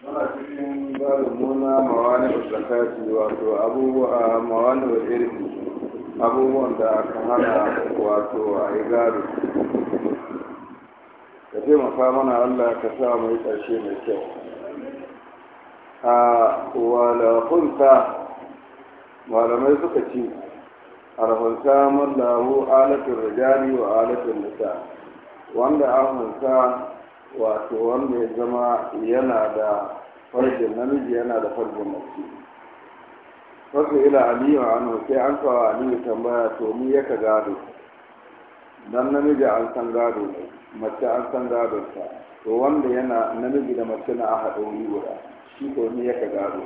muna cikin barin muna mawani zakati wato abubuwa mawani irki abubuwan da aka hana wato a yi gado ka taimaka mana allah ka sa mai ƙarshe mai kyau a walakunta malamai suka ci arhunta mallahu alatin rijali wa alatin nisa wanda an hunsa wato wanda ya zama yana da farjin namiji yana da farjin mace fasu ila aliyu nan sai an kawo aliyu tambaya to ni ya ka gado dan namiji an san gado ne mace an san gado ta to wanda yana namiji da mace na aka ɗauri guda shi to ni ya ka gado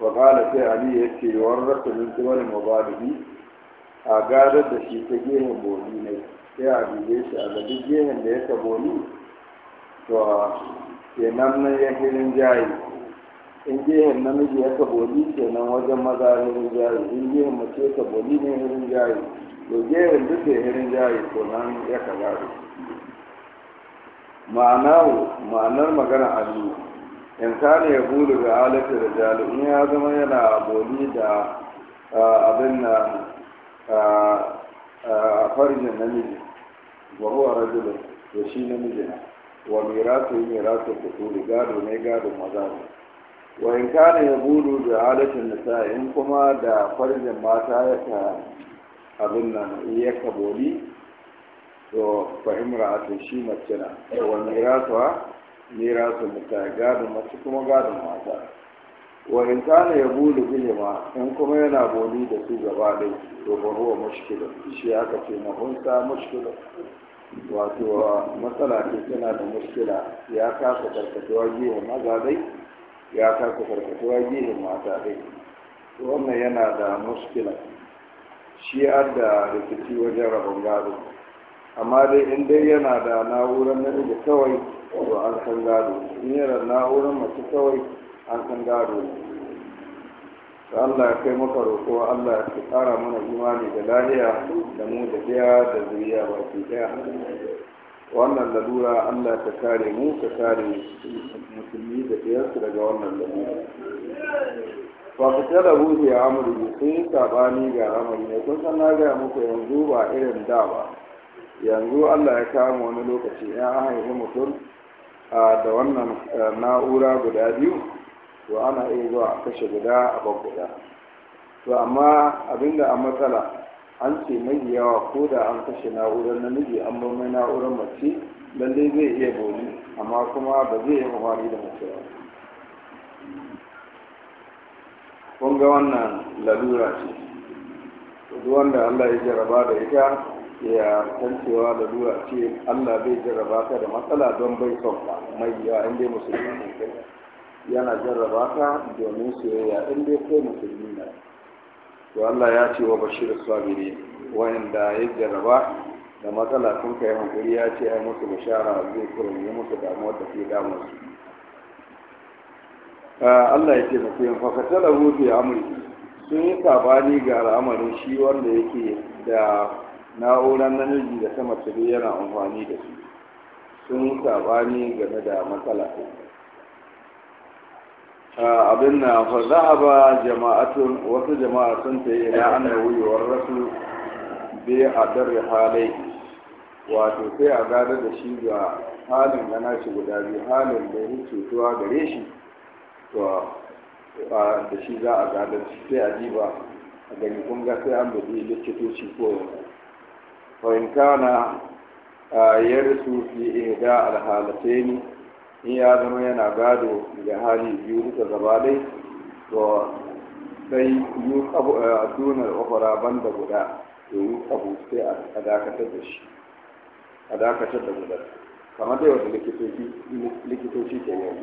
wa kala sai aliyu ya ce mu min tsibirin mubadihi a gadar da shi ta gehen bobi ne sai a dube shi a gabi gehen da ya kaboli to kenan nan ya hirin jayi in gehen namiji ya ke nan wajen maza hirin jayi in gehen mace ya kaboli ne hirin jayi to gehen duk da hirin jayi to nan ya kabaru ma'anar magana abu in ne ya bulu ga halittar rijali in ya zama yana boli da ah, abin na ah, a farjin namiji wa huwa rajulun to shi namiji na wa miratu miratu kuturi gado ne gado maza ne wa in kana ya gudu da halatin nisa in kuma da farjin mata ya ta abin nan ya kaboli to fahimra a shi mace na wa miratu miratu nisa gado mace kuma gado mata wa in kana ya bulu ilima in kuma yana boli da su gaba dai to ba huwa mushkila shi aka ce mahunta mushkila wato matsala ce tana da mushkila ya kasa karkatuwa gehen maza dai ya kasa karkatuwa gehen mata dai wannan yana da mushkila shi har da rikici wajen rabon gado amma dai in dai yana da na'urar namiji kawai to an san gado in yana na'urar masu kawai an san gado ta Allah ya kai maka roƙo Allah ya ƙara mana imani da lahiya da mu da biya da zuriya ke daya wannan lalura Allah ta kare mu ka kare musulmi da biyarsu daga wannan lalura ba ku tsada ruhi a amurki sun yi sabani ga amurki ne kun san na gaya muku yanzu ba irin da ba yanzu Allah ya kama wani lokaci ya haihu mutum da wannan eh, na'ura guda biyu to ana iya zuwa a kashe guda a bar guda to amma abinda a matsala an ce mai yawa ko da an kashe na'urar namiji an bar mai na'urar mace lallai zai iya boli amma kuma ba zai yi mafari da mace ba kun ga wannan lalura ce duk wanda allah ya jaraba da ita ya kancewa da lura ce Allah bai jarraba ta da matsala don bai son mai yawa inda musulmi ne kai yana jarraba ka domin soyayya in dai kai musulmi ne to Allah ya ce wa bashir sabiri wanda ya jarraba da matsala sun kai hankuri ya ce ai musu bashara zai kurmi musu damuwa da ke damar su ah, Allah ya ce mu yin fakatala da rufe amuri sun yi sabani ga al'amarin shi wanda yake da na'urar namiji da ta mace yana amfani da su sun yi sabani game da matsala abin na fa ba jama'atun wasu jama'a sun ta yi na annabi wa rasul bi hadar halai wato sai a gada da shi ga halin gana shi guda biyu halin da ya cutuwa gare shi to da shi za a gada sai a ji ba, a gani kun ga sai an bude likitoci ko fahimta na yarsu fi ihda alhalatai ne in ya zama yana gado da hali biyu duka gaba dai to sai yi a eh, dunar ofara banda guda to yi abu sai a dakatar da shi a dakatar da guda kamar da wata likitoci ke yau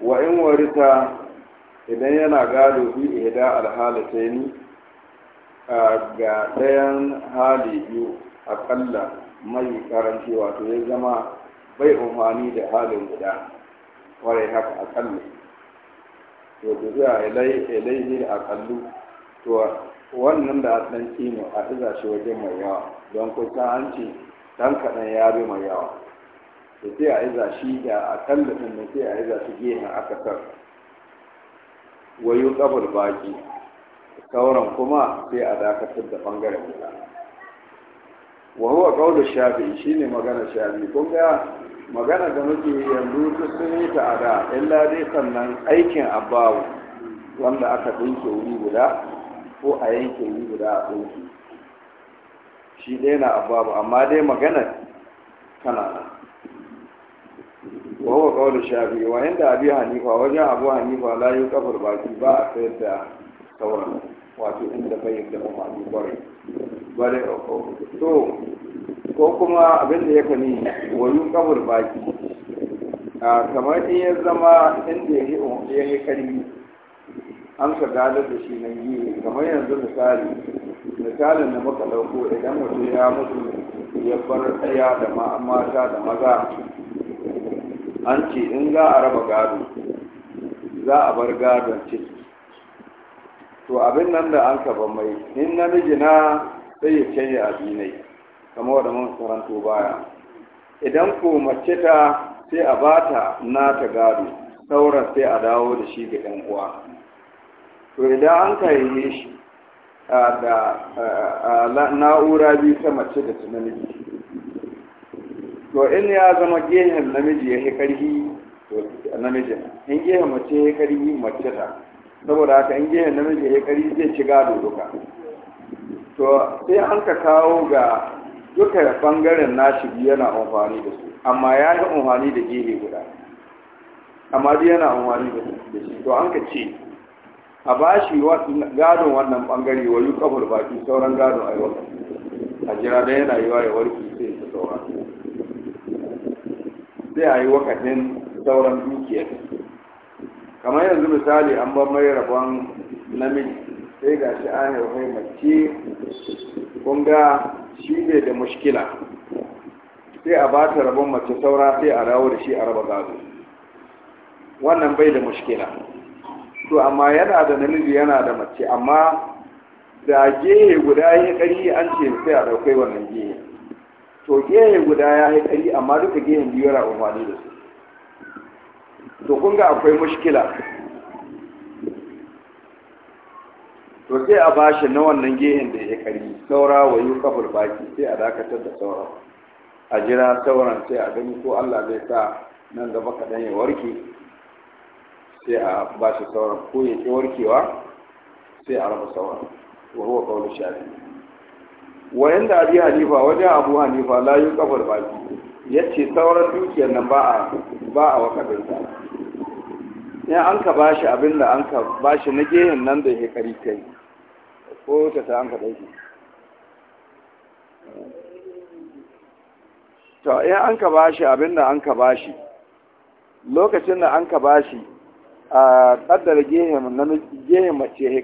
wa in warita idan yana gado bi ta ni ga ɗayan hali biyu akalla mai karanci wato ya zama bai umarni da halin guda warai haka a ne to dubiya ilaihi a kallu to wannan da dan ɗan kino a iza shi wajen mai yawa don kusa an ce dan kaɗan ya bi mai yawa da sai a iza shi da a kalli ɗin da sai a iza shi gehen aka sar wayo ƙabar baki sauran kuma sai a dakatar da bangaren guda wa huwa qawlu shafi shine magana shafi kun ga magana da muke yanzu duk sun yi ta ada illa dai sannan aikin abawu wanda aka dinke wuri guda ko a yanke wuri guda a dinke shi dai na abawu amma dai magana tana nan shafi wa inda abi hanifa wajen abu hanifa la yuqabur يكفر ba باء سيد ثورا واتو عند بيت أم أبي بري bare to ko kuma abin da ya kani wayu kabur baki kamar in ya zama inda ya yi um, ya yi karbi an ka dalar da shi nan yi kamar yanzu misali misalin da muka dauko idan mutum ya mutu ya bar tsaya da mata da maza an ce in za a raba gado za a bar gadon ciki to abin nan da an kaba mai in namiji na sai ya a abinai kamar wadda mun karanto baya idan ko mace ta sai a bata na ta gado sauran sai a dawo da shi ga 'yan uwa to idan an ka yi shi da na'ura biyu ta mace da ta namiji to in ya zama gehen namiji ya yi karhi to namijin in gehen mace ya yi karhi mace ta saboda haka in gehen namiji ya kari zai ci gado duka to sai an ka kawo ga duka bangaren nashi biyu yana amfani da su amma ya yi amfani da gehe guda amma biyu yana amfani da shi to an ka ce a ba shi gadon wannan bangare wa yi kafar baki sauran gadon a yi wata a jira da yana yi wa ya warki sai su sauran sai a yi wakatin sauran dukiyar kamar yanzu misali an ban mai rabon namiji sai ga shi an yarwai mace kunga shi ne da mushkila sai a ba ta rabon mace saura sai a dawo da shi a raba gado wannan bai da mushkila to amma yana da namiji yana da mace amma da gehe guda ya yi kari an ce sai a daukai wannan gehe to gehe guda ya yi kari amma duka gehen biyu yana amfani da su to kun ga akwai mushkila to sai a bashi na wannan gehen da ya kari saura wa yi kafar baki sai a dakatar da saura a jira sauran sai a gani ko allah zai sa nan gaba kaɗan ya warke sai a bashi sauran ko ya ƙi warkewa sai a raba sauran wa huwa qawlu shafi wa inda abi hanifa wajen abu hanifa la yi kafar baki yace sauran dukiyar nan ba a ba a wakabinta in an ka bashi abin da an ka bashi na gehen nan da ya kari kai ko ta ta an ka ɗauki to in an ka bashi abin da an ka bashi lokacin da an ka bashi a ƙaddar gehen mace ya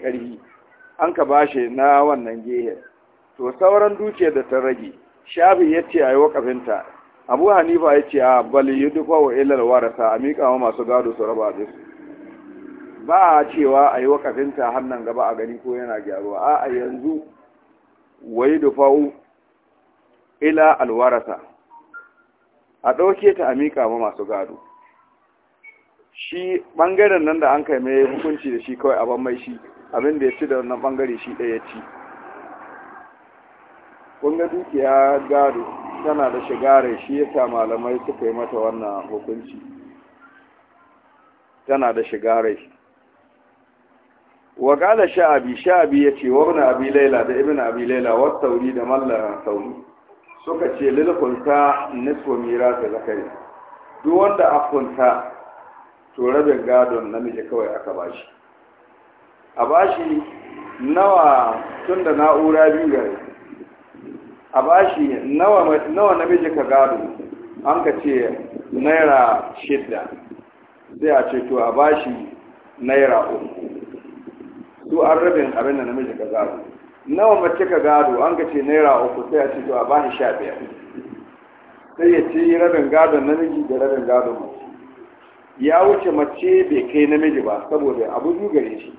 an ka bashi na wannan gehen to sauran dukiyar da ta rage shafi ya ce a yi wakafinta abu hanifa ya ce a bali yi dufa wa ilar warasa a miƙa wa masu gado su raba su ba a cewa a yi wakafinta hannun gaba a gani ko yana gyaruwa a a yanzu wai dufa'u ila alwarasa a ɗauke ta amika ma masu gado shi ɓangaren nan da an kai mai hukunci da shi kawai abin mai shi abin da ya ci da wannan ɓangare shi ɗaya ci ƙunga dukiya gado tana da shigarai shi ya yasa malamai suka yi mata wannan hukunci tana da shigarai wa qala sha'abi sha'abi yace wa ibn abi laila da ibn abi laila wa sauri da mallan sauri suka ce lil kunta nisfu miras zakari duk wanda akunta to rabin gadon namiji kawai aka bashi a bashi nawa tun da na'ura biyu gare a bashi nawa namiji ka gado an ka ce naira shidda sai a ce to a bashi naira uku duk an rabin abin da namiji ka gado nawa mace ka gado an ga ce naira uku sai a ce to a ba ni sha biyar sai ya ci rabin gado namiji da rabin gado mace ya wuce mace bai kai namiji ba saboda abu biyu gare shi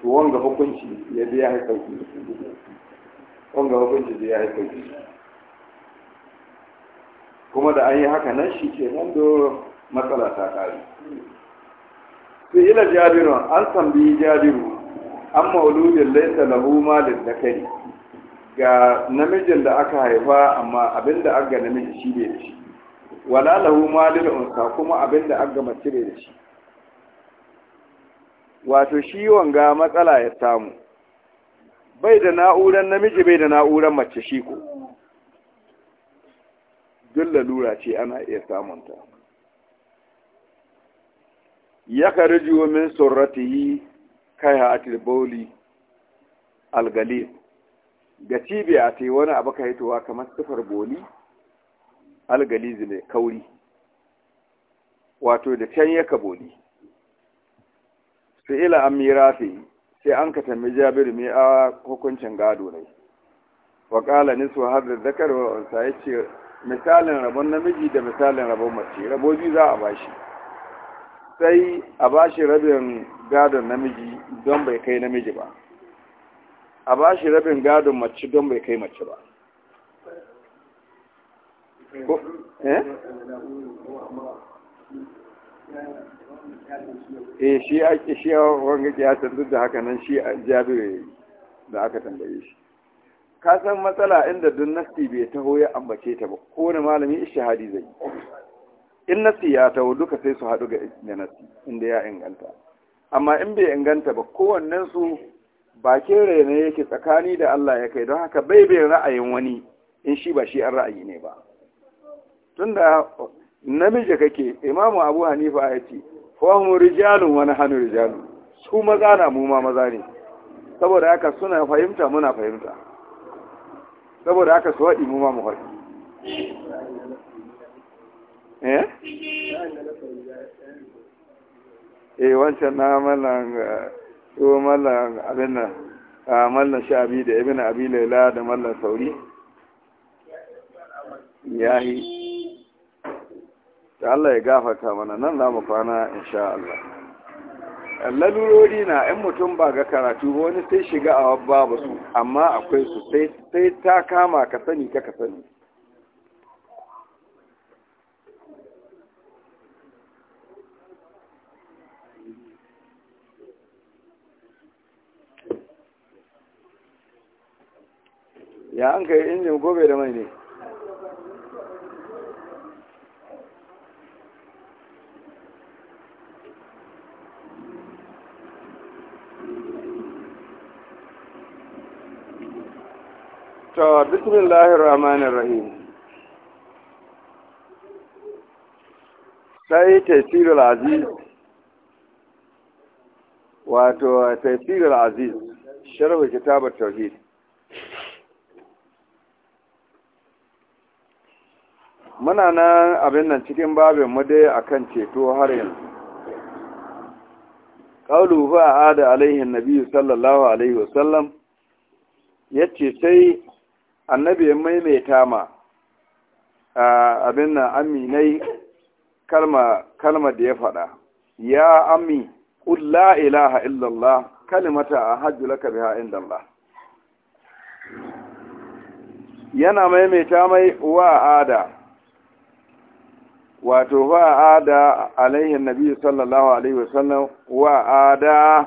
to wanga hukunci ya biya ya sauki wanga hukunci biya ya sauki kuma da an yi haka nan shi ke nan do matsala ta kare sai ila jabiru an tambayi jabiru an mauludin laisa lahu malin da kai ga namijin da aka haifa amma abinda an ga namiji shi bai da shi wala lahu malin unsa kuma abinda an ga mace bai da shi wato shi wanga matsala ya samu bai da na'uran namiji bai da na'uran mace shi ko duk lalura ce ana iya samunta ya karji min surratihi kai ha'atul bauli algalib da cibiya ta yi wani abu ka hitowa kamar sifar boli algalizi mai kauri wato da can yaka boli fi'ila an mirafi sai an ka tambi jabiru mai a hukuncin gado ne wa ƙala nisu har da zakar wa ya ce misalin rabon namiji da misalin rabon mace rabo biyu za a bashi sai a ba shi rabin gadon namiji don bai kai namiji ba a ba shi rabin gadon mace don bai kai mace ba eh shi eh, shi ake shi wanga kiyasan duk da haka nan shi jabiru da aka tambaye shi ka san matsala inda dunnasti bai taho ya ambace ta ba kowane malami hadi zai in nasi ya taho duka sai su haɗu ga nasi inda ya inganta amma in bai inganta ba kowannen su bakin raina yake tsakani da Allah ya kai don haka bai bai ra'ayin wani in shi ba shi an ra'ayi ne ba tunda namiji kake imamu abu hanifa ya ce fahimu rijalun wani hannu rijalun su maza na mu ma maza ne saboda haka suna fahimta muna fahimta saboda haka su haɗi mu ma mu haɗi eh eh wancan na mallan ko eh, oh, mallan abin nan ah, mallan da ibn abi laila da mallan sauri yahi ta Allah ya gafarta mana nan za mu kwana insha Allah lalurori na yan mutum ba ga karatu ba wani sai shiga a babu su amma akwai su sai ta kama ka sani ka ka sani ya an kai injin gobe bai da mai ne to bismillahir rahmanir rahim sai tafsirul aziz wato tafsirul aziz sharh kitabut tauhid muna nan abin nan cikin babin mu dai akan ceto har yanzu qawlu fa ada alaihi annabi sallallahu alaihi wasallam yace sai annabi ya maimaita ma abin nan aminai kalma kalma da ya faɗa ya ami qul la ilaha illallah kalimata ahajju laka biha indallah yana maimaita mai wa ada wato fa ada alaihin nabi sallallahu alaihi wasallam wa ada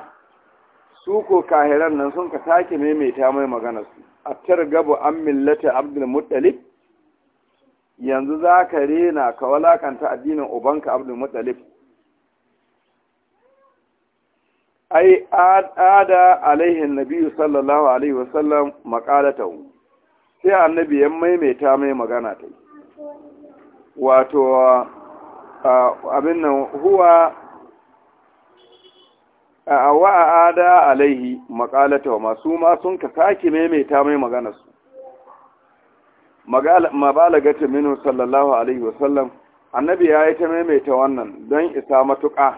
su ko kahiran nan sun ka sake maimaita mai magana su a targabu an millata abdul muttalib yanzu za ka rena ka walakanta addinin ubanka abdul muttalib ai ada alaihin nabi sallallahu alaihi wasallam makalatahu sai annabi ya maimaita mai magana ta yi wato abin nan huwa a wa'ada alaihi makalata wa masu ma sun ka sake maimaita mai maganarsu mabalagata minu sallallahu alaihi wasallam annabi ya yi ta maimaita wannan don isa matuƙa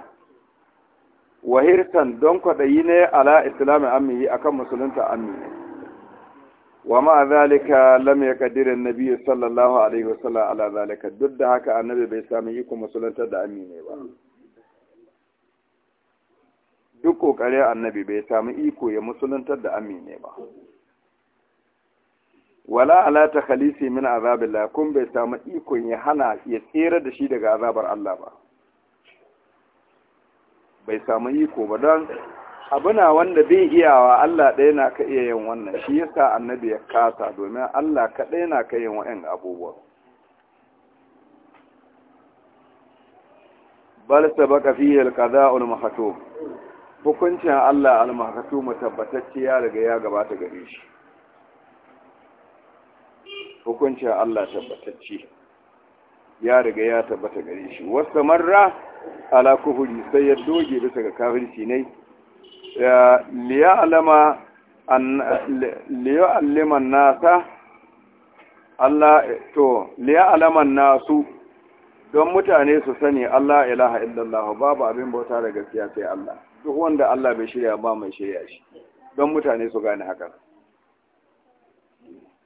wahirtan don kwaɗayi ne ala islamin amini akan musulunta amini wa ma zalika lam yaqdir annabi sallallahu alaihi wasallam ala zalika duk da haka annabi bai sami iko musulunta da amine ba duk kokarin annabi bai sami iko ya musulantar da amine ba wala ala ta khalisi min azabillah kun bai samu iko ya hana ya tsere da shi daga azabar Allah ba bai samu iko ba don abuna wanda bai iyawa Allah ɗaya na ka iya yin wannan shi yasa annabi ya kasa domin Allah kaɗai na ka yin wa'in abubuwa bal baka fihi al-qada'u al-mahtum hukuncin Allah al-mahtum tabbatacce ya riga ya gabata gare shi hukuncin Allah tabbatacce ya riga ya tabbata gare shi wasu marra ala sai ya doge bisa ga kafirci ne liya'lama an nasa Allah to liya'laman nasu don mutane su sani Allah ilaha illallah babu abin bauta da gaskiya sai Allah duk wanda Allah bai shirya ba mai shirya shi don mutane su gane haka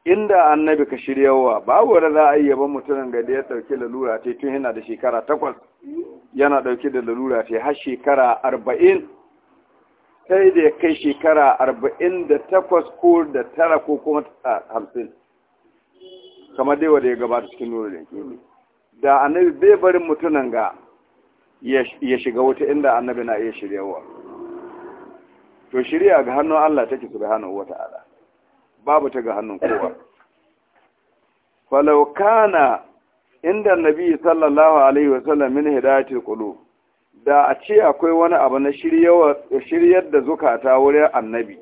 inda annabi ka shiryawa babu wanda za a yi yaban mutumin ga da ya dauki lalura ce tun yana da shekara takwas yana dauki da lalura ce har shekara arba'in sai da ya kai shekara arba'in da takwas ko da tara ko kuma hamsin kamar dai wanda ya gabata cikin nuna da ke da annabi bai barin mutunan ga ya shiga wuta inda annabi na iya shiryawa to shirya ga hannun Allah take wata ala, babu ta ga hannun kowa Falaukana kana inda annabi sallallahu alaihi wasallam min hidayatul qulub da a ce akwai wani abu na shiryar da zukata wurin annabi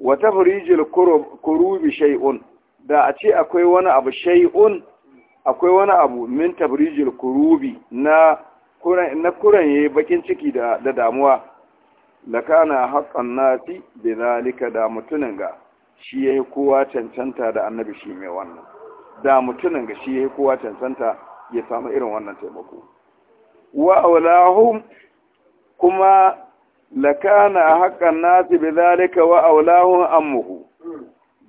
wata firijil kurubi shay'un da a ce akwai wani abu shay'un akwai wani abu min tabrijil kurubi na na kuranye bakin ciki da damuwa da kana haƙƙan nati da zalika da mutunan ga shi ya kowa cancanta da annabi shi mai wannan da mutunan ga shi ya kowa cancanta ya samu irin wannan taimako wa aulahum kuma lakana haƙƙan nasi bi zalika wa aulahum ammuhu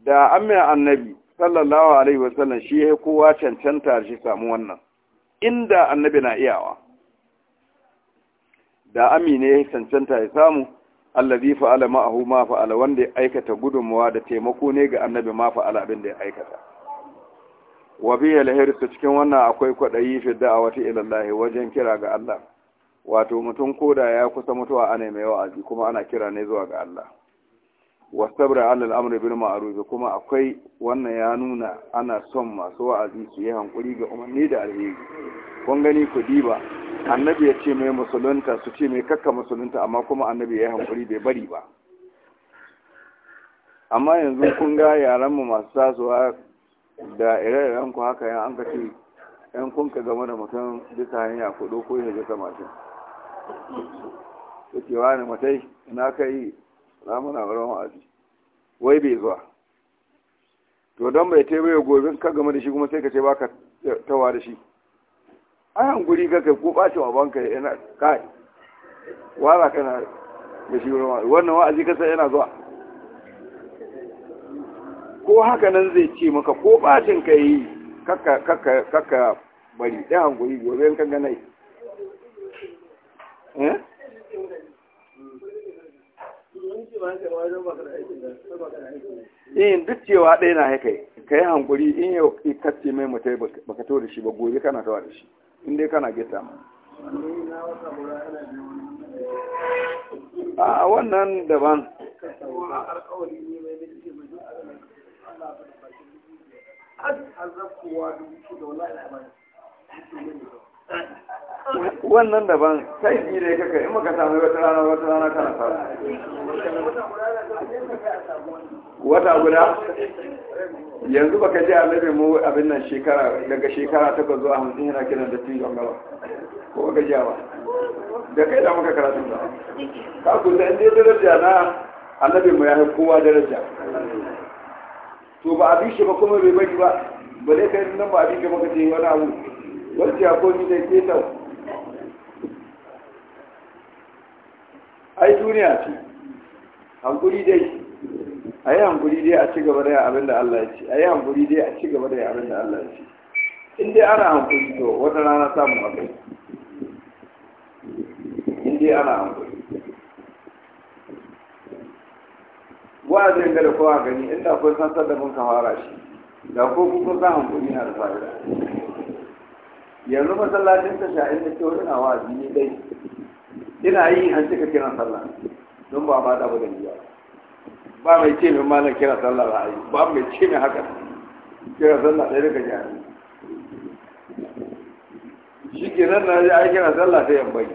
da amma annabi sallallahu alaihi wasallam shi ya kowa cancanta shi samu wannan inda annabi na iyawa da amine ya cancanta ya samu allazi fa'ala ma'ahu ma fa'ala wanda ya aikata gudunmuwa da taimako ne ga annabi ma fa'ala abin da ya aikata wa biya lahirsu cikin wannan akwai kwaɗayi fi da'awati ilallahi wajen kira ga Allah wato mutum koda ya kusa mutuwa ana mai wa'azi kuma ana kira ne zuwa ga Allah wasabra alal amri bil ma'ruf kuma akwai wannan ya nuna ana son masu wa'azi su yi hankuri ga umarni da alheri kun gani ku diba annabi ya ce mai musulunta su ce mai kakka musulunta amma kuma annabi ya yi hankuri bai bari ba amma yanzu kun ga yaran mu masu tasowa da irin ku haka yan an ka ce yan kun ka game da mutum bisa hanya kudu ko ne bisa mashin ta cewa ne matai na ka yi ramuna ramun wa'azi wai bai zuwa to don bai tebe ya gobe ka game da shi kuma sai ka ce ba ka tawa da shi ai guri ka kai ko ɓace wa banka yana kai wala kana da shi wurin wa'azi wannan wa'azi ka sai yana zuwa ko haka nan zai ce maka ko bacin ka yi kaka kaka kaka bari da hankuri gobe ka ganai eh in eh, duk cewa ɗaya na haka ka yi hankuri in yau kacce mai mutai baka to da shi ba gobe kana tawa da shi in dai kana gita ma a ah, wannan daban wannan daban sai ji da kaka in maka samu wata rana wata rana kana samu wata guda yanzu baka ji annabi mu abin nan shekara daga shekara gazo zuwa hamsin yana kiran da tijon gaba ko baka ji ba da kai da muka karatu ba ka kun da inda daraja na annabi mu ya kowa daraja to ba abin shi ba kuma bai bari ba ba dai kai nan ba abin bi ba ka je wani abu wani ya komi da ke tau ai duniya ce hankuri dai a yi hankuri dai a ci gaba da abin da Allah ya ci a yi hankuri dai a ci gaba da abin da Allah ya ci in dai ana hankuri to wata rana samun abin in dai ana hankuri wa'azin zai gada kowa gani inda kun san sadabin ka fara shi da ko kun san hankali na da fa'ida yanzu masallacin ta sha'in da kyau ina awa zini dai ina yi an cika kiran sallah don ba ba da ba ba mai ce min malam kira sallah ayi ba mai ce min haka kira sallah ɗaya daga jami'a shi ke nan na yi kira sallah ta yambai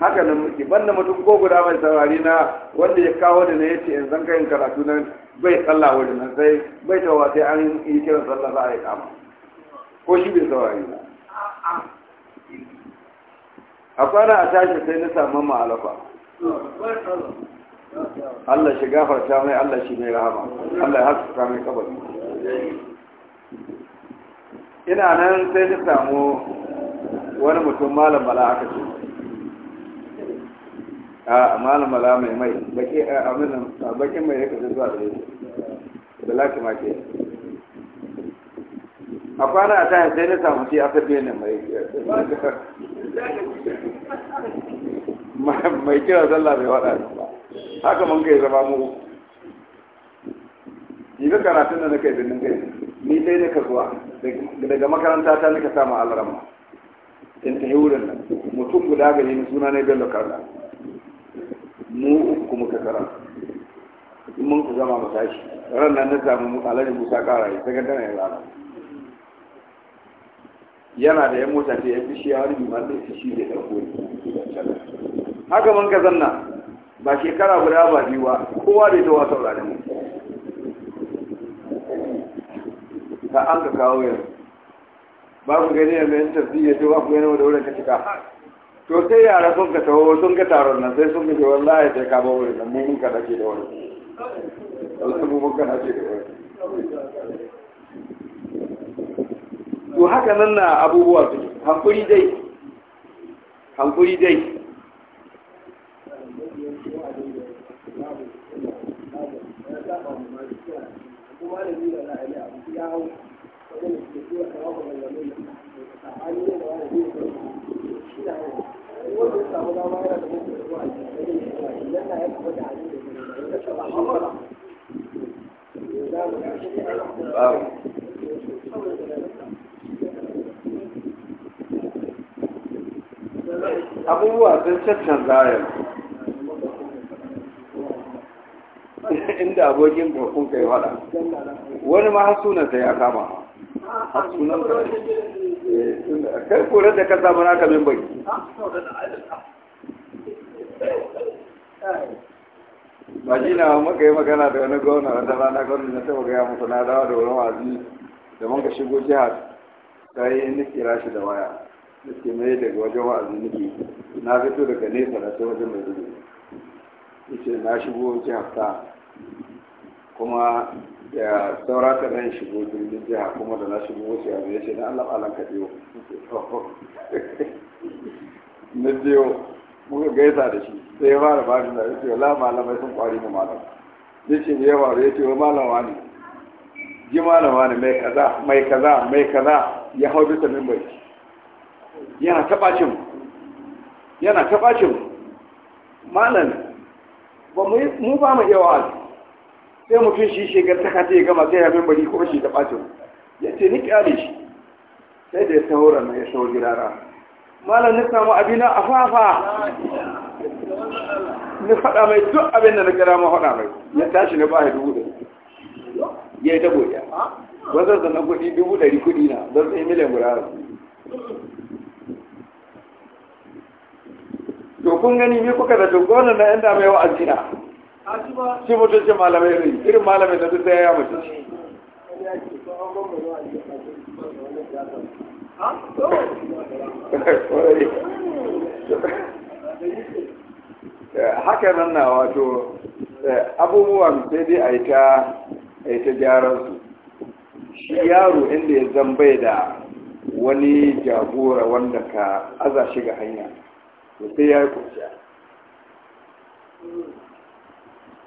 haka nan muke banda mutum ko guda mai saurari na wanda ya kawo da na yace in zan kai karatu nan bai sallah wurin nan sai bai tawa sai an yi kiran sallah za a yi kama ko shi bai saurari na a kwana a tashi sai na samu ma'alafa Allah shi gafarta mai Allah shi mai rahama Allah ya haska mai kabari ina nan sai na samu wani mutum malam bala aka ce a malam bala mai mai baki aminan bakin mai yake zuwa da yake da laki ma ke a kwana a tayin sai na samu shi aka biya ne mai mai kira sallah bai wada ba haka mun kai zama mu ni ga karatun da nake binin kai ni dai nake zuwa daga makaranta ta nake samu alrama in ta yi wurin nan mutum guda gari ni suna ne bello karna mu uku muka karanta in mun ku zama mu tashi ranar na samu alhaji musa kara ya saka tana ya yana da ya mota ta shi bishiya wani liman da shi da ɗauko ne haka mun ka zanna ba shekara guda ba biyu ba kowa da ita wa saurari mu ta an ka kawo yanzu ba ku gani yanzu yanzu tafiya ce ba ku gani wadda da wurin ka cika to sai yara sun ka taho sun ka taron nan sai sun ka ce wallahi sai ka bawo nan mun ka dace da wani wallahi mu mun ka da wani to haka nan na abubuwa su hankuri dai hankuri dai Thank you. abubuwa sun cancan zayar inda abokin kakun kai wada wani ma hasunansa ya kama hasunan kai kai kore da ka samu naka min bai ba shi na maka yi magana da wani gwamna wata rana gwamna na taɓa gaya musu na dawa da wani wazi da manka shigo jihar ta yi nake rashi da waya nake mai daga wajen wa'azi nake na fito daga nesa da ta wajen mai zuwa ita na shigo jihar ta kuma da saura ta nan shigo jirgin jiha kuma da na shigo wasu yanzu ya ce na allah alan ka biyo na biyo muka gaisa da shi sai ya fara ba da ya ce la malamai sun kwari mu malam ya ce da yawa ya ce wa malama ne ji malama ne mai kaza mai kaza mai kaza ya hau bisa mimbar yana taɓa cin yana taɓa cin malam ba mu ba mu iya wa'azi sai mutum shi shekar ta kata ya gama sai ya min bari kuma shi ta ɓacin ya ce ni kyale shi sai da ya saura na ya saura girara malam na samu abina a fafa ni faɗa mai duk abin da na gara ma faɗa mai ya tashi na bahi dubu ɗari ya yi ta ya wanzar da na kuɗi dubu ɗari kuɗi na don sai miliyan guda to kun gani me kuka da dogon na yan da mai wa'azi shi ce malamai ne irin malamai da duk ya mutu haka nan na wato eh, abubuwan sai dai a yi ta ta gyaran su shi yaro inda ya zambai da wani jagora wanda ka aza ga hanya sai ya yi kurciya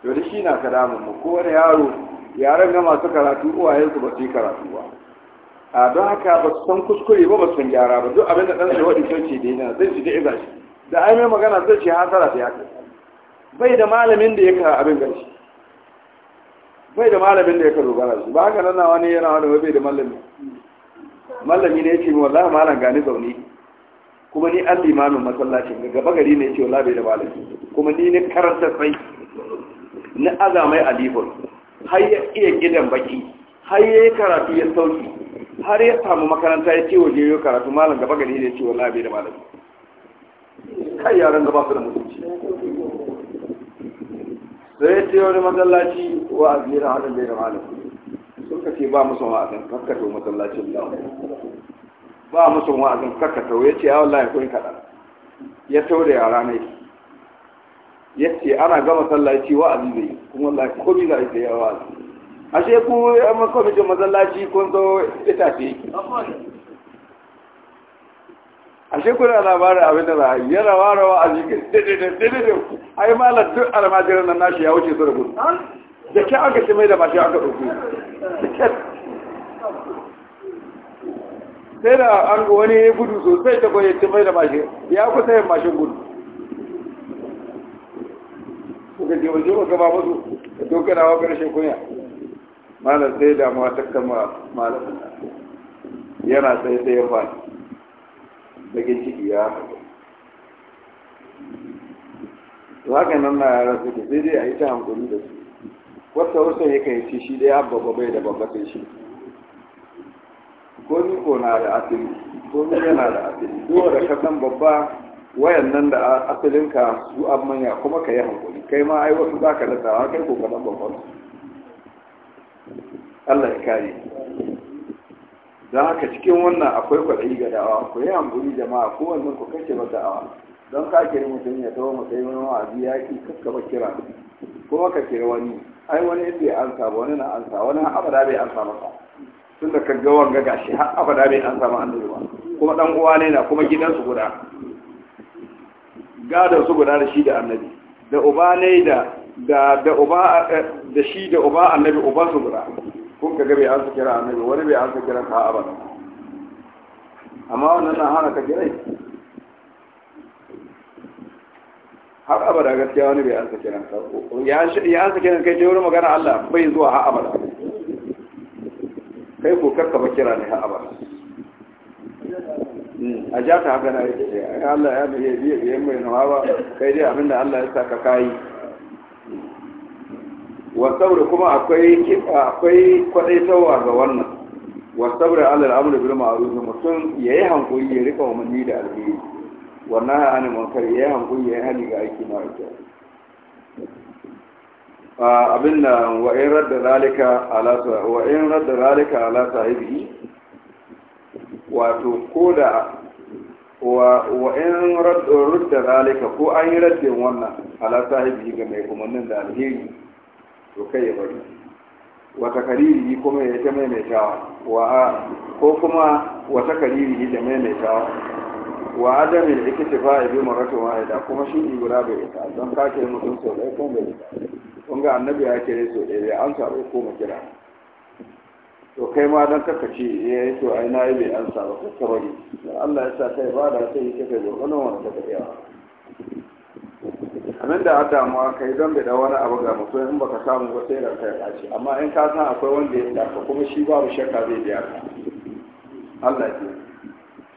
to da shi na ka damun mu wani yaro yaran ga masu karatu uwayensu ba su yi karatu ba a don haka ba su san kuskure ba ba su san gyara ba duk abin da ɗan sai waɗin kyauce da yana zai ji iza shi da ai mai magana zai ce hasara ta yaka bai da malamin da ya ka abin gashi bai da malamin da ya ka dogara shi ba haka nan wani yana wani bai da malami mallami ne ya ce wallahi malam gani zaune kuma ni an limamin masallacin gaba gari ne ya ce wallahi bai da malami kuma ni ne karanta sai na azamai alifun har ya iya gidan baki har ya yi karatu ya sauki har ya samu makaranta ya ce waje yau karatu malam gaba gari ne ce wallahi bai da malam. kai yaran da ba su da mutunci sai ya ce wani masallaci wa azmira hadin bai da malam. sun ka ce ba musu wa'azin karkato masallacin da ba musu wa'azin karkato ya ce ya wallahi kun kaɗa. ya taure yara ne yace ana gama sallaci wa wa'azi kuma Allah ko bi za a yi wa'azi ashe ku amma kwamitin masallaci kun zo itace ashe da labarin abin da za a yi yana ware wa'azi daidai ai malar duk almajiran nan nashi ya wuce su da gudu da ke aka ce mai da bashi aka ɗauki sai da an ga wani gudu sosai ta kwaye ce mai da mashi ya kusa yin mashin gudu kuka je waje ba gaba musu da dokana wa karshen kunya malar sai damuwa ta kama malamin yana sai sai ya faɗi bakin ciki ya faɗi haka nan na yara suke sai dai a yi ta hankali da su wata wata ya kai ci shi dai abba ba bai da babba sai shi ko ni ko na da asiri ko ni yana da asiri duk da kasan babba Wayan nan da asalinka su an manya kuma ka yi hankali kai ma ai wasu za ka latawa kai ko kaɗan babban allah ya kare don haka cikin wannan akwai kwaɗayi ga da'awa ku yi hankali jama'a wannan ku kashe ba da'awa don ka kiri mutum ya tawo mutum wani wa'azi ya ki ba kira kuma ka kira wani ai wani in ansa ba wani na ansa wani har abada bai ansa masa tun da kaggawan ga gashi har abada bai ansa ma an ba kuma dan uwa ne na kuma gidansu guda gadon su guda da shi da annabi da uba ne da da uba eh, da shi da uba annabi uba su guda kun kaga bai an su kira annabi wani bai an su kira ka aba amma wannan na hana ka kirai har abada gaskiya wani bai an su kira ka ya an su kira kai ta wurin magana Allah bai zuwa har abada kai ko karka ba kira ne har abada a ja ta haka na yi ce Allah ya biye biye biye mai nawa ba kai dai abinda Allah ya saka kai wa sabr kuma akwai akwai tawa ga wannan wa sabr ala al-amr bil ma'ruf mutum yayi hankuri ya rika umarni da alheri wannan mun munkar yayi hankuri yayi hali ga aiki mara kyau abin da wa'in radda zalika ala sahibi wato ko da wa in rudda zalika ko an yi raddin wannan ala sahibi ga mai umarnin da alheri to kai ya bari wata kariri kuma ya ta maimaitawa wa ko kuma wata kariri da maimaitawa wa adamin ikitifa ibi maratu wahida kuma shi ne guda bai ita don kake mutum sau ɗaya kun bai ita kun ga annabi ya kere sau ɗaya an sabo ko mu kira to kai ma don kaka ce ya eh, yi to ai na yi bai ansa ba kaka bari Allah ya sa kai ba da sai yi kai gurbanin wani ta tafiya nan da hada mu kai don bai da wani abu ga mutum in baka samu ba sai ranka ya ɓaci amma in ka san akwai wanda ya saka kuma shi babu shakka zai biya ka Allah ce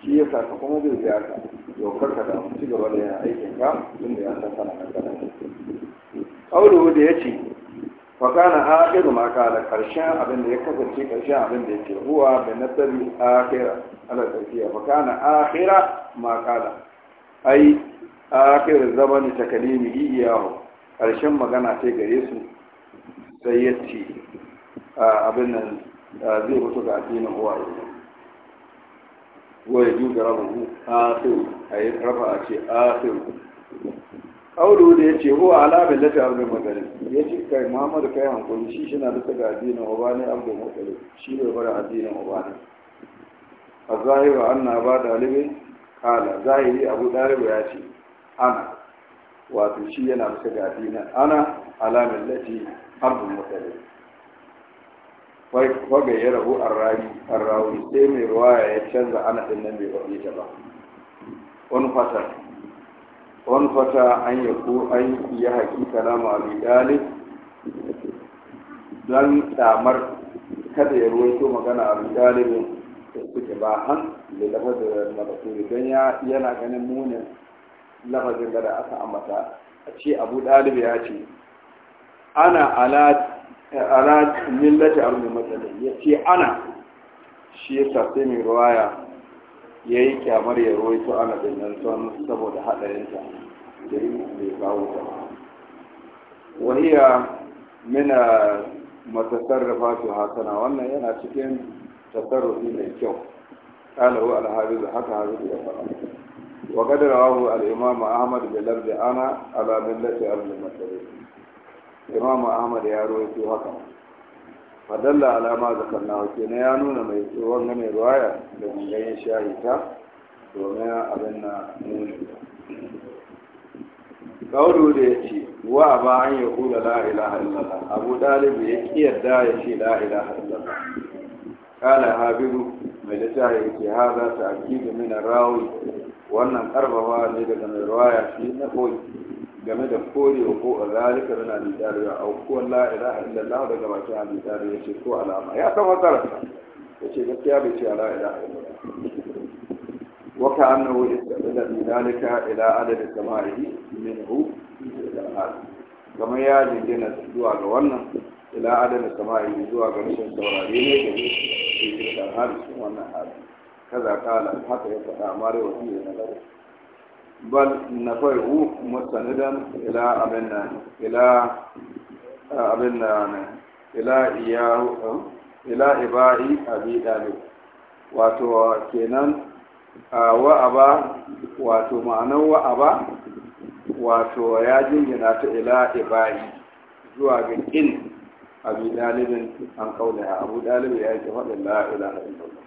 shi ya saka kuma zai biya ka dokar ka da ci gaba da aikin ka tun da ya san kana kankana. Aure da ya ce fakana akiru ma kala karshen abin da ya kasance karshen abin da ya yake huwa da nasabi akira ala tafiya fakana akira ma kala ai akira ta takalimi iyahu karshen magana ce gare su sai ya ce abin nan zai mutu ga addinin huwa wa ya ju ga rabu akir a yi rafa a ce akir kaulu da ya ce huwa da ta abin mutalib ya ce kai muhammadu kai hankali shi shi na bisa ga addinin ubani abdul mutalib shi ne bar addinin ubani a zahiru na ba dalibin kala zahiri abu dalibu ya ce ana wato shi yana bisa ga addinin ana da ta abdul mutalib waga ya rabu rawu sai mai ruwa ya canza ana ɗin nan bai faɗi ta ba wani fasar wan fata an ya ko an yi haƙi kalama abu dalib don damar kada ya ruwaito magana a dalibin da suke ba han da lafazin mabaturi don yana ganin munin lafazin da aka ambata a ce abu dalib ya ce ana ala millata abu matsalai ya ce ana shi ya sai mai ruwaya ya yi kyamar ya su ana ɗinnan son saboda haɗarinta da yi ya kawo ta wahiya mina da fasu hasana wannan yana cikin tasarrufi mai kyau alhari da haka habibu da faɗa wa qadarahu wahu imam ahmad da lafzi ana ala millati al-musallim imam ahmad ya rawaito haka fadalla alama da kannawa kenan ya nuna mai tsohon na mai ruwaya da gangayen shahita domin abin na nuna. kawo da ya ce wa ba an ya kula la ilaha abu dalibu ya kiyarda ya ce la ilaha kala habiru mai da ta yi ke hada ta akidu min rawi wannan karfafa ne daga mai ruwaya shi na koyi game da korewa ko zalika min abi ya au ko la ilaha illallah daga bakin abi ya ce ko alama ya san ya yace gaskiya bai ce la ilaha illallah wa ka annahu istadalla bi zalika ila adad samaihi minhu kamar ya jingina zuwa ga wannan ila adad samaihi zuwa ga rashin saurare ne da shi da har wannan hali kaza kala haka ya faɗa amare wa wasiyya na gaba bal na fai'u musanidan ila abin nan ila eh, abin nan ila iya eh, ila ibai abi dalib wato kenan wa'aba wato ma'anar wa'aba wato ya jingina ta ila ibai zuwa ga in abi dalibin an kaula ya abu dalib ya yi faɗin la ilaha illallah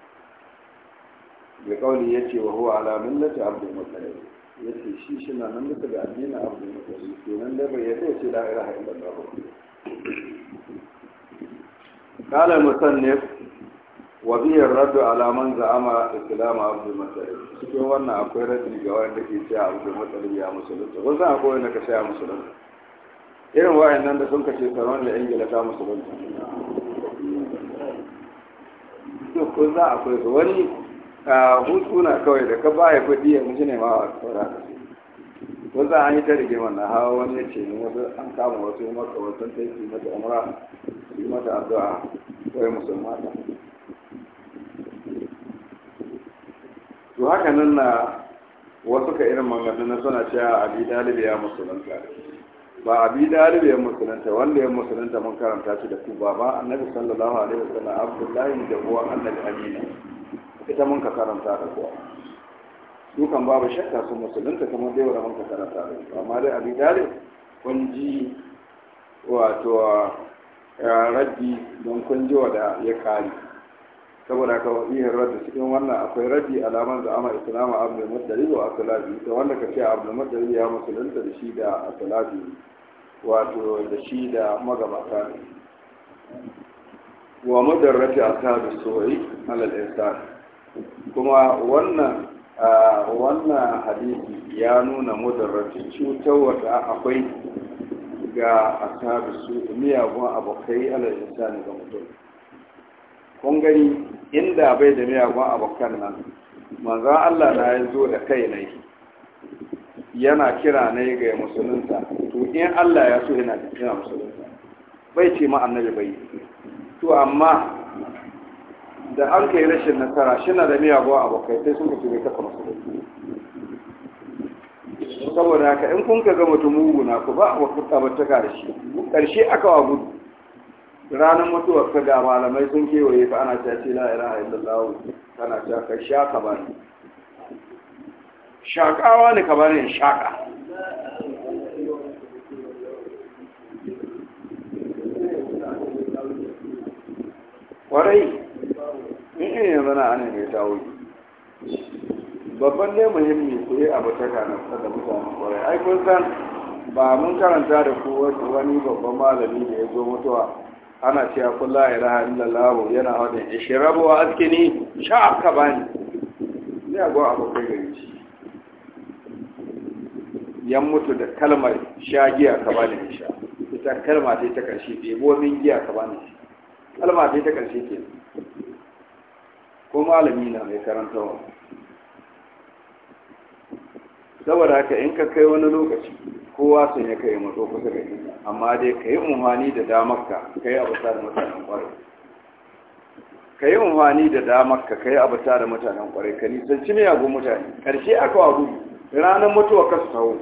bi kauli yace wa huwa ala millati abdul muttalib yake shi shi na nan duka da addinin abu ne kari kenan da bai yadda ce la ba illallah kala musannif wa bihi raddu ala man za'ama islam abu mutalib cikin wannan akwai raddi ga wanda ke cewa abu mutalib ya musulunta a akwai wanda ka cewa musulunta irin nan da sun kace tsaron da ingila ta musulunta duk ko za akwai wani hutu na kawai da ka baya kuɗi yanzu ne ma a da su wasu an yi ta rige wannan hawa wani ya ce wasu an kama wasu maka wasu ta yi mata umra yi mata addu'a kawai musulma ta to haka nan na wasu ka irin manganu na suna cewa abi dalibi ya musulunta ba abi dalibi ya musulunta wanda ya musulunta mun karanta shi da ku ba ba annabi sallallahu alaihi wasallam abdullahi da uwan annabi amina ita mun ka karanta da kuwa dukan babu shakka sun musulunta kamar dai wanda mun ka karanta da kuwa amma dai abi dare kun ji wato eh, raddi don kun ji wada ya kari saboda ka yin raddi cikin wannan akwai raddi alaman da ama islama abdul muddalib wa asalafi da wanda ka ce abdul muddalib ya musulunta da shi da asalafi wato da shi da magabata ne wa mudarrati ashabi su'i alal insan kuma wannan wannan hadisi ya nuna mudarratin cutar da akwai ga asabu su miyagun abokai alal insani ga mutum kun gani inda bai da miyagun abokan nan manzan Allah na ya zo da kai ne yana kira ne ga musulunta to in Allah ya so yana kira musulunta bai ce ma annabi bai to amma da an kai rashin nasara shi na da a abokai sai sun kasu bai kafa masu saboda haka in kun kaga mutum muguna ku ba a kuɗa ba ta da shi ƙarshe aka wa gudu ranar mutuwar ka ga malamai sun kewaye ka ana cace ce la ilaha illallah kana cewa ka shaka ba ne shakawa ne ka bani shaka kwarai irin yanzu na ana mai tawo babban ne muhimmi ku yi abu ta kanasta da mutane kwarai ai kun san ba mun karanta da ku wani babban malami da ya zo mutuwa ana cewa ya raha inda illallah yana wadin ishrabu wa askini ba bani ne a gwa abokai gari ci yan mutu da kalmar sha giya ka bani sha ita kalma ta ta karshe ɗebo min giya ka bani kalma ta ta karshe ke ko malami na mai karantawa saboda haka in ka kai wani lokaci kowa sun ya kai mato kusa ga ita amma dai ka yi umarni da damarka ka yi abu da mutanen kwarai ka yi umarni da damarka ka yi abu da mutanen kwarai ka nisanci miyagun mutane ƙarshe aka wa gudu ranar mutuwa ka su taho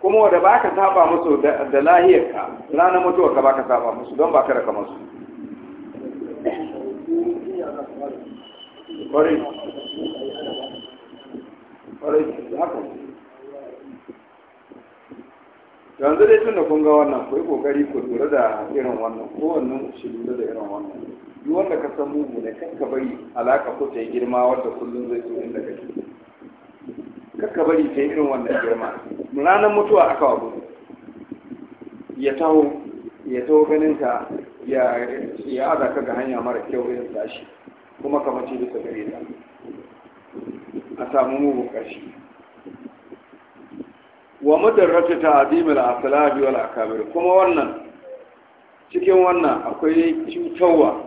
kuma wadda ba ka saba musu da lahiyarka ranar mutuwa ka ba ka saba musu don ba ka raka musu yanzu dai tun da kun ga wannan ku yi kokari ku lura da irin wannan wannan shi lura da irin wannan duk wanda ka san mugu ne kan ka bari alaka ko ta yi girma wadda kullum zai zo inda kake kan ka bari ta yi irin wannan girma ranar mutuwa aka wa ya taho ya taho ganin ka ya aza ka ga hanya mara kyau irin tashi kuma kamace bisa gare ta a samu mugun ƙarshe wa madarrata ta a aslabi wal akabir kuma wannan cikin wannan akwai cutarwa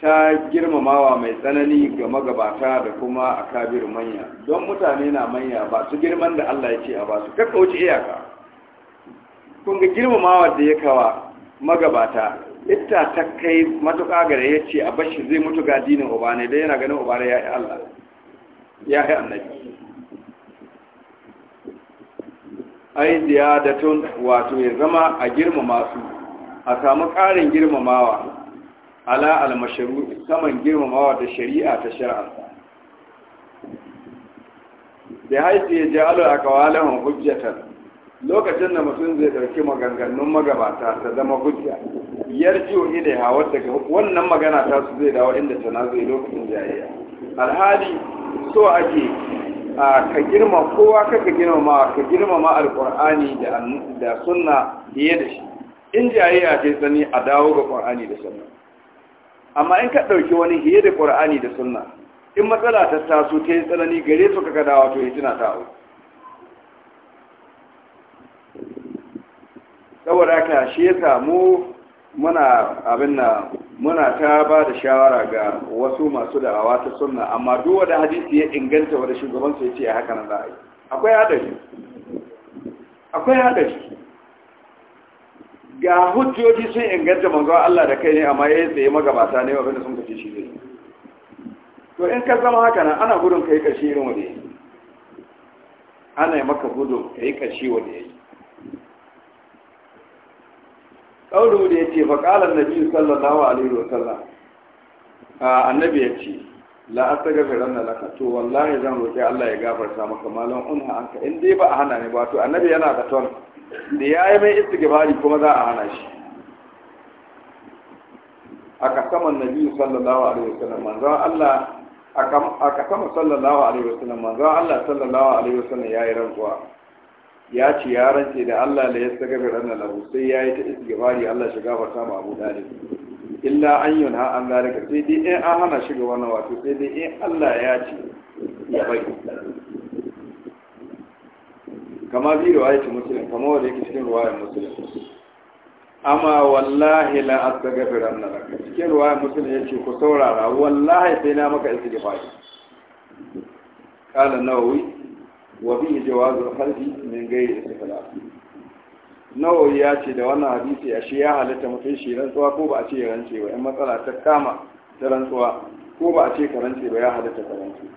ta girmamawa mai tsanani ga magabata da kuma akabir manya don mutane na manya ba su girman da Allah ya ce a ba su kakka wuce iyaka kun ga girmamawa da ya kawa magabata ita ta kai matuƙa gare ya ce a bashi zai mutu ga dinin ubane don yana ganin ubane ya yi allah ya yi annabi da tun wato ya zama a girmama su a samu ƙarin girmamawa ala almasharu saman girmamawa da shari'a ta shari'arsa da haifi ya ji alu a kawalin hujjatar lokacin da mutum zai ɗauki maganganun magabata ta zama hujja yarjiyo ilaiha wadda wannan magana ta su zai dawo inda tana zai lokacin jayayya alhali so ake ka girma kowa kaka girmama ka girmama alƙur'ani da sunna fiye da shi in jayayya ce sani a dawo ga ƙur'ani da sunna amma in ka ɗauki wani fiye da ƙur'ani da sunna in matsala ta taso ta yi tsanani gare su kaka dawo to yi tuna ta auki saboda haka shi yasa mu muna abin na muna ta ba da shawara ga wasu masu da awa ta sunna amma duk wanda hadisi ya inganta wanda shugaban su ce haka nan za a yi akwai hadari akwai hadari ga hujjoji sun inganta manzo Allah da kai ne amma yayin tsaye magabata ne wanda sun kace shi ne to in ka zama haka nan ana gudun kai kashi irin wanda yayi ana maka gudu kai kashi wanda yayi ƙauru da ya ce faƙalar nabi sallallahu alaihi wa sallam annabi ya ce la astaghfiran laka to wallahi zan roƙi Allah ya gafarta maka malan unha anka in dai ba a hana ni ba to annabi yana da ton da yayi mai istighfari kuma za a hana shi aka sama nabi sallallahu alaihi sallam manzon Allah aka sama sallallahu alaihi sallam manzon Allah sallallahu alaihi ya yayi rantsuwa ya ce ya rance da Allah da ya saka da ranar lahu sai ya yi ta istighfari Allah shiga ba ma Abu Talib illa an yunha an ka sai dai in an hana shiga wannan wato sai dai in Allah ya ce ya bai kama bi riwayat muslim kama wanda yake cikin riwayar muslim amma wallahi la astaghfir ranar laka cikin ruwa riwayar ya ce ku saurara wallahi sai na maka istighfari qala nawawi wa bi jawazul harfi min gairi istiqlal nawawi ya ce da wannan hadisi a shi ya halatta mutum shi rantsuwa ko ba a ce ya ba in matsala ta kama ta rantsuwa ko ba a ce ka rantse ba ya halatta ka rantse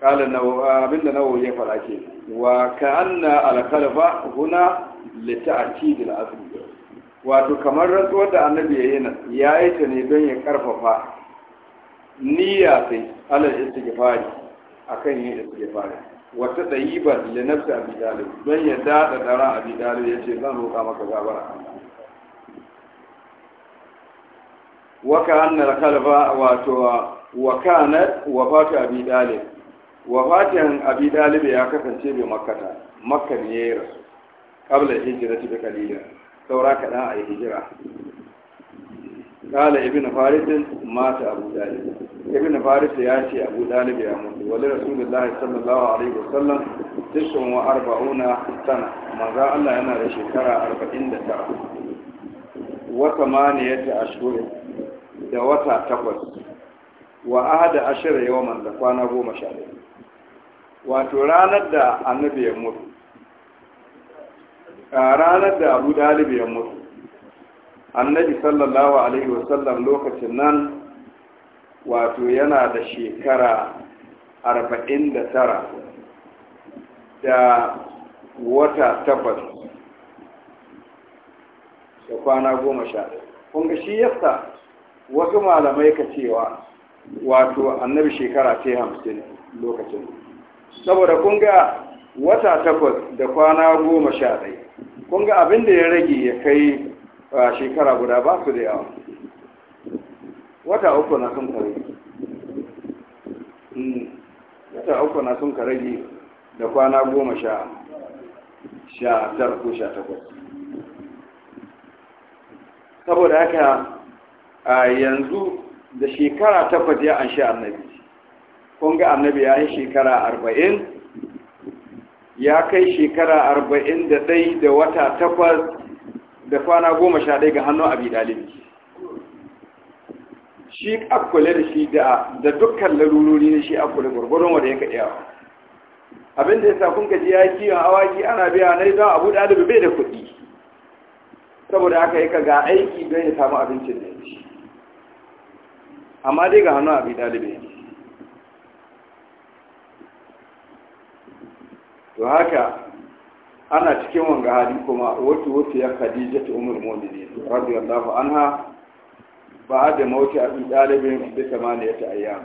kala abinda nawo ya fara ke wa ka'anna al-khalfa huna li ta'kid al-asl wato kamar rantsuwar da annabi ya yi nan ya yi ta ne don ya karfafa niyya sai alal istighfari akan yin istighfari wata ɗayiban da nafsa abi bidalu don ya daɗa ɗara abi bidalu ya ce zan roƙa maka gabara waka annar kalba wato wa kanat a abi wa wafatin a bidalu ya kasance bai makata makka ne ya yi rasu kabla hijira ta bi kalila saura kaɗan a yi hijira قال ابن فارس مات أبو طالب ابن فارس ياتي أبو طالب يا موسى ولرسول الله صلى الله عليه وسلم تسع وأربعون سنة ماذا الله أنا لشكرا أربعين دكرا وثمانية أشهر دوتا تقوس وأحد عشر يوما لقوانا أبو مشاهد وترانا دا النبي يموت ranar da abu dalib ya mutu annabi sallallahu alaihi wasallam lokacin nan wato yana da shekara arba'in da tara da wata takwas da kwana goma sha ɗaya shi yasta wasu malamai ka cewa wato annabi shekara ta hamsin lokacin saboda kun ga wata takwas da kwana goma sha ɗaya kun ga abin da ya rage ya kai shekara guda ba su da yawa wata uku na sun kare hmm. wata uku na sun kare da kwana goma sha sha ko sha takwas saboda haka a yanzu da shekara takwas ya an sha annabi kun ga annabi ya yi shekara arba'in ya kai shekara arba'in da ɗai da wata takwas da kwana goma sha ɗaya ga hannun abi ɗalibi shi akwale da shi da dukkan larurori ne shi akwale gwargwadon wanda ya kaɗe yawa abin da ya sa kun gaji ya yi kiwon awaki ana biya na yi abu ɗalibi bai da kuɗi saboda haka yi ga aiki don ya samu abincin da ya amma dai ga hannun abi ɗalibi ne to haka ana cikin wanga hali kuma wato wato ya khadija ta umar mu'minin radiyallahu anha ba da mauti abi da bi ta ayyam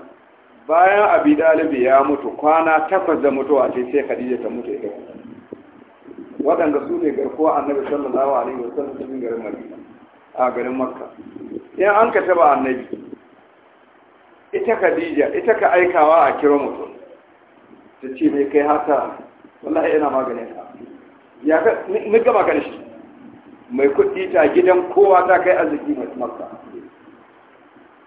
bayan abi dalibi ya mutu kwana takwas da mutuwa ce sai khadija ta mutu ita waɗanda su ne garkuwa annabi sallallahu alaihi wasallam cikin garin madina a garin makka in an ka taba annabi ita khadija ita ka aikawa a kiro mutum ta ce mai kai haka wallahi ina maganin ka ya ka ni gaba shi mai kuɗi ta gidan kowa ta kai arziki mai makka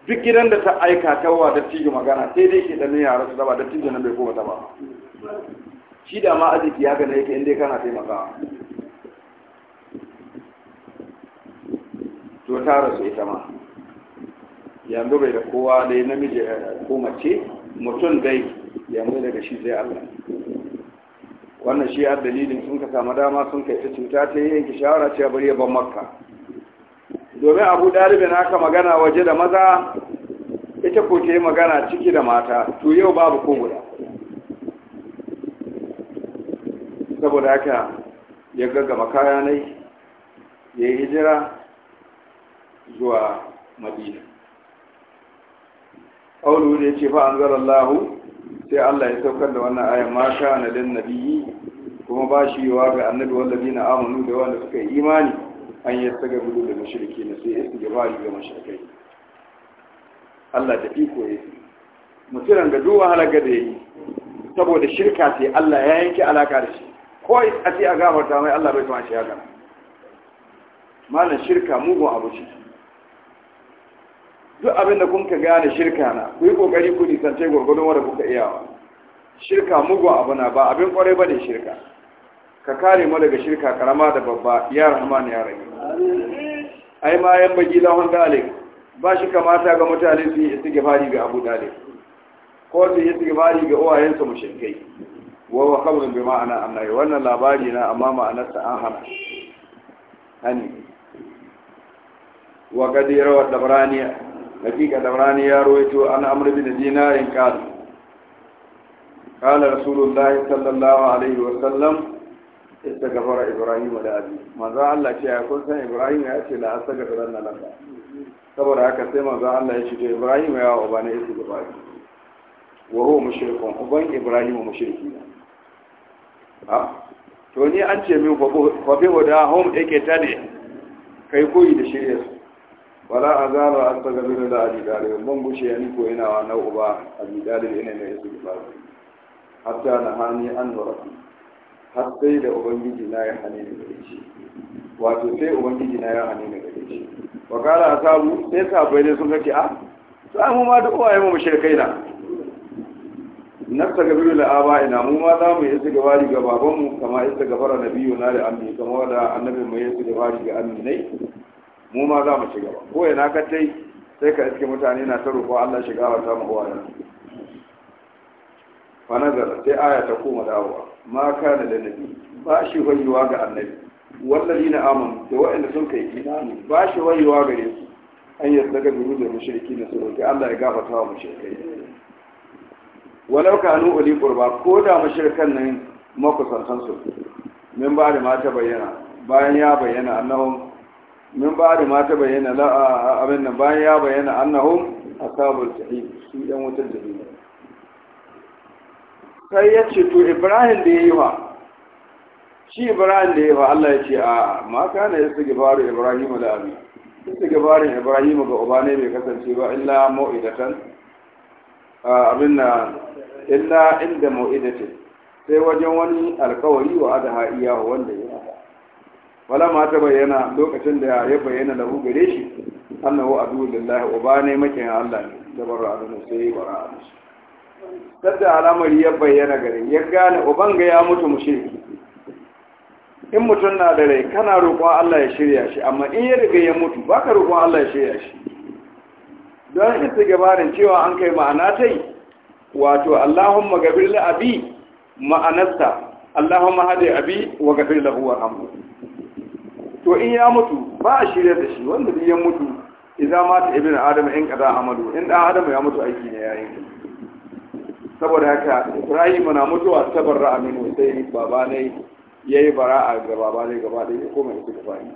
duk gidan da ta aika ta wa da tiji magana sai dai ke ɗanin yara su zaba da tiji nan bai koma ta ba shi da ma arziki ya gane yake inda kana taimaka. to ta rasu ita ma yanzu bai da kowa dai namiji eh, ko mace mutum dai yanzu daga shi zai Allah wannan shi ya dalilin sun ka samu dama sun kai ta cuta ta yi yanke shawara cewa bari ya ban makka domin abu ɗalibin naka magana waje da maza ita ko ta yi magana ciki da mata to yau babu ko guda saboda haka ya gaggama kayanai ya yi hijira zuwa madina aulu ya ce fa'an zarar lahu sai Allah ya saukar da wannan ayan ma na dan nabiyyi kuma ba shi yiwa ga annabi wallazina amanu da wanda suka yi imani an yi saga gudu da mushriki na sai ya su gabari ga mushrikai Allah da iko ya mutunan da duk wahalar da yi saboda shirka sai Allah ya yanke alaka da shi ko a ce a gafarta mai Allah bai tuma shi haka malam shirka mugun abu shi duk abin da kun ka gane shirka na ku yi kokari ku nisance gwargwadon wanda kuka iya shirka mugu abu na ba abin ƙwarai ba ne shirka ka kare mu daga shirka karama da babba ya rahman ya rahim ai ma yan baki lahun dalib ba shi kamata ga mutane su yi istighfari ga Abu Dalib ko su yi istighfari ga su mushrikai wa wa qabrun bi ma'ana annabi wannan labari na amma ta an hana hani wa kadira wa tabrani hakika daurani ya rawaito an amr bin kala. قال qala rasulullahi sallallahu alaihi wa sallam istaghfara ibrahim da abi manzo Allah ce ya kun san ibrahim ya ce la astaghfira laka saboda haka sai manzo Allah ya ce to ibrahim ya wa bana istighfar wa to ni an ce min fa fa da hom yake tade kai koyi da shirye wala a azaba astaghfiru da abi dalib ban bushe ni ko yana wa nau'u uba abi dalib ina mai su ba hatta na hani an su har sai da ubangiji na ya hane ni gare shi wato sai ubangiji na ya hane ni gare shi wa a asabu sai bai ne sun kake a ah, samu ma da uwaye mu kai na nasta gabi da aba ina mu ma za mu yi gabari ga babanmu kama biyu na da ammi kama da annabi mu yi gabari ga ne? mu ma za mu ci gaba ko yana ka tai sai ka iske mutane na ta roƙo Allah shiga wa ta mu uwayen fa nazar sai aya ta koma dawowa ma kana da nabi ba shi wayewa ga annabi wallazina amanu da wa'anda sun kai imani ba shi wayewa ga su an yi daga biru da mushriki na ke Allah ya gafarta wa mushrikai walau nu uli qurba ko da mushrikan nan makusantan su min ba da mata bayyana bayan ya bayyana annahum min ba da mata bayyana abin nan bayan ya bayyana annahum ashabul jahim su yan wutar jahim sai ya ce to ibrahim da yayi fa shi ibrahim da yayi fa Allah ya ce a ma kana istighfaru ibrahim da abi istighfarin ibrahim ga uba ne bai kasance ba illa mau'idatan abin nan illa inda mau'idatin sai wajen wani alkawari wa adaha iyahu wanda ya wala ma ta bayyana lokacin da ya bayyana lahu gare shi annahu adu lillahi wa ba ne makin Allah ne da bar da sai bara tadda al'amari ya bayyana gare ya gane uban ga ya mutu mushriki in mutun na da rai kana roƙo Allah ya shirya shi amma in ya riga ya mutu baka roƙo Allah ya shirya shi don gabarin cewa an kai ma'ana tai wato Allahumma gabir li abi ma'anarsa Allahumma hadi abi wa gafir lahu warhamhu to in ya mutu ba a shirya da shi wanda duk ya mutu ma ta ibn adam in kaza amalu in da adam ya mutu aiki ne yayin saboda haka ibrahim na mutuwa tabarra aminu sai baba ne yayi bara'a ga baba ne gaba da ya koma yake da fani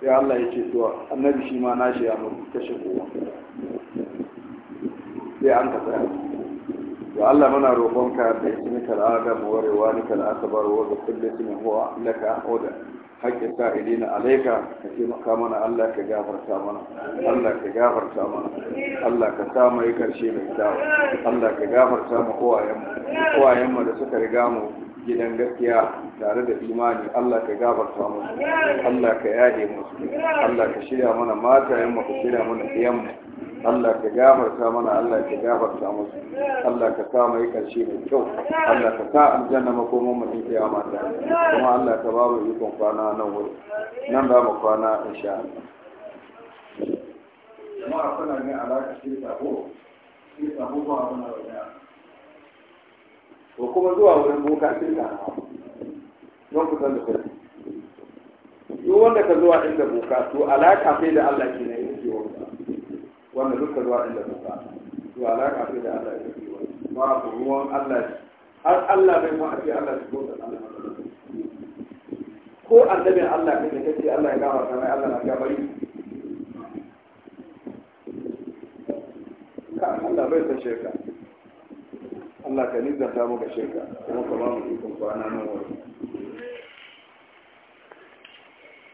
sai Allah ya ce to annabi shi ma nashi ya mutu ta shigo sai an ka tsaya ya Allah muna roƙonka da ismika al-adam wa rawanika al-akbar wa kullu kulli ismin huwa laka uda haƙƙin sa'ilina alaika ka taimaka mana Allah ka gafarta mana Allah ka gafarta mana Allah ka samu mai karshe mai kyawu Allah ka gafarta mu uwayenmu uwayenmu da suka riga mu gidan gaskiya tare da imani Allah ka gabarta musu Allah ka yade musu Allah ka shirya mana matayen mu ka shirya mana ɗiyan mu Allah ka gafarta mana Allah ka gafarta musu Allah ka sa mai karshe mai kyau Allah ka sa aljanna makoman mu cikin kiyama ta kuma Allah ka ba mu ikon kwana nan wuri nan za mu kwana insha Allah kuma kuna ne alaka shi sabo shi sabo ba abin da ya ko kuma zuwa wurin boka shi ka don ku san da kai duk wanda ka zuwa inda boka to alaka sai da Allah ke ne yake wannan wanda duka zuwa da suka. to alaka sai da Allah ya yi wa ba ruwan Allah har Allah bai mu a ce Allah shi gosa Allah ko annabin Allah kake kace Allah ya gawa mai Allah na bai? ka Allah bai san sheka? Allah ka nizanta mu ga sheka, kuma ka ba mu ikon kwana nan wani